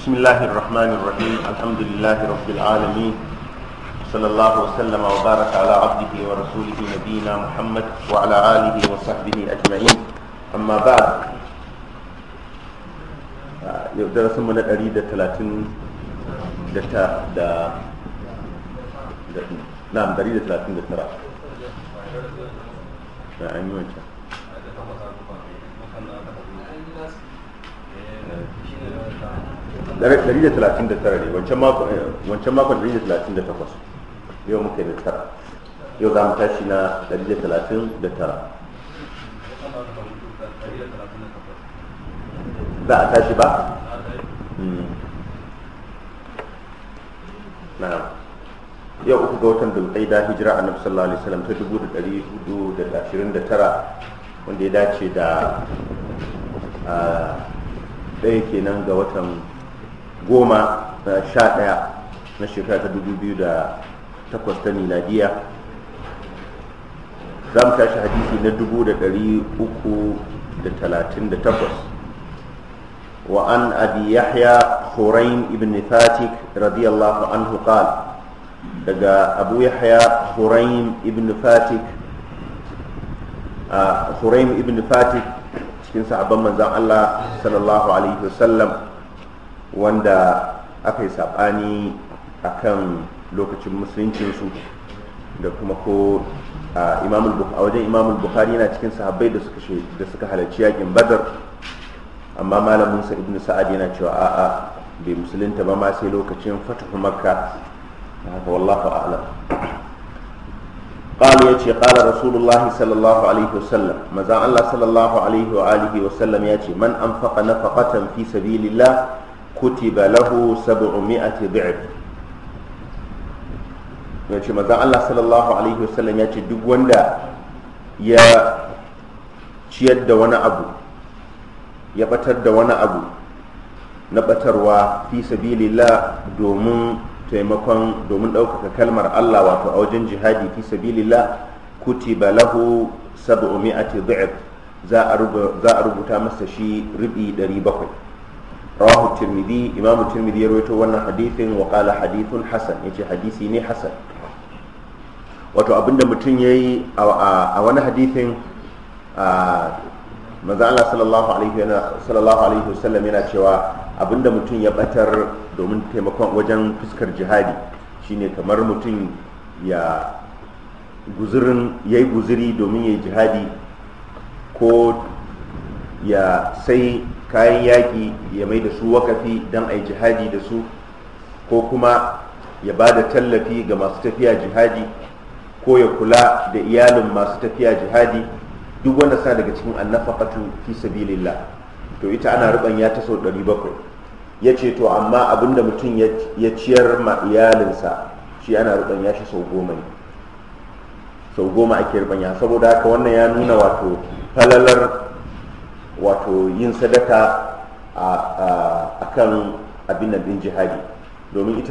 بسم الله الرحمن الرحيم الحمد لله رب العالمين صلى الله وسلم وبارك على عبده ورسوله نبينا محمد وعلى آله وصحبه أجمعين أما بعد درس من الأريدة ثلاثين دتا دا نعم دريد ثلاثين دتا نعم Thank you. 139 ne wancan makon 138 eh, yau muka yi da tara yau za mu tashi na 139 za a tashi ba? Hmm. na yau uku ga watan dulƙaida hijira a nafisar lalai salam ta 429 wanda ya dace da ah, ɗaya kenan ga watan goma sha ɗaya na shekara ta dubu biyu da takwas ta miladiya za mu tashi hadisi na dubu da ɗari uku da talatin da takwas وعن أبي يحيى حرين بن فاتك رضي الله عنه قال دقى أبو يحيى حرين بن فاتك cikin sahabban manzan Allah sallallahu alaihi wasallam wanda aka yi saɓani a kan lokacin musuluncinsu da kuma ko a wajen imamul bukhari yana cikin sahabbai da suka halarci yakin badar amma malaminsa ibn sa'ad yana cewa a'a bai musulunta ba ma sai lokacin fatahu makka haka wallahu a'lam قال يأتي قال رسول الله صلى الله عليه وسلم ماذا الله صلى الله عليه وآله وسلم يأتي من أنفق نفقة في سبيل الله kutiba lahu sab'umi'ati dhi'b yace manzon Allah sallallahu alaihi wasallam ya ce duk wanda ya ciyar da wani abu ya batar da wani abu na batarwa fi sabilillah domin taimakon domin ɗaukaka kalmar Allah wato a wajen jihadi fi sabilillah kutiba lahu sab'umi'ati dhi'b za a rubuta masa shi ribi 700 rawahu tirmidhi imamu tirmidhi ya rawaito wannan hadithin wa qala hadithun hasan yace hadisi ne hassan wato abinda mutum ya yi a wani hadithin manzo Allah sallallahu alaihi wa sallam yana cewa abinda mutum ya batar domin taimakon wajen fuskar jihadi shine kamar mutum ya guzurin yayi guzuri domin yayi jihadi ko ya sai kayan yaƙi ya mai da su wakafi don a yi jihadi da su ko kuma ya ba da tallafi ga masu tafiya jihadi ko ya kula da iyalin masu tafiya jihadi duk wanda sa daga cikin annafaqatu fi sabilillah to ita ana ya ta sau 700 yace to amma abinda mutum ya ciyar ma iyalinsa shi ana ya shi sau goma ne sau goma ake ya saboda haka wannan ya nuna wato falalar wato yin sadaka a kan abin nan jihadi domin ita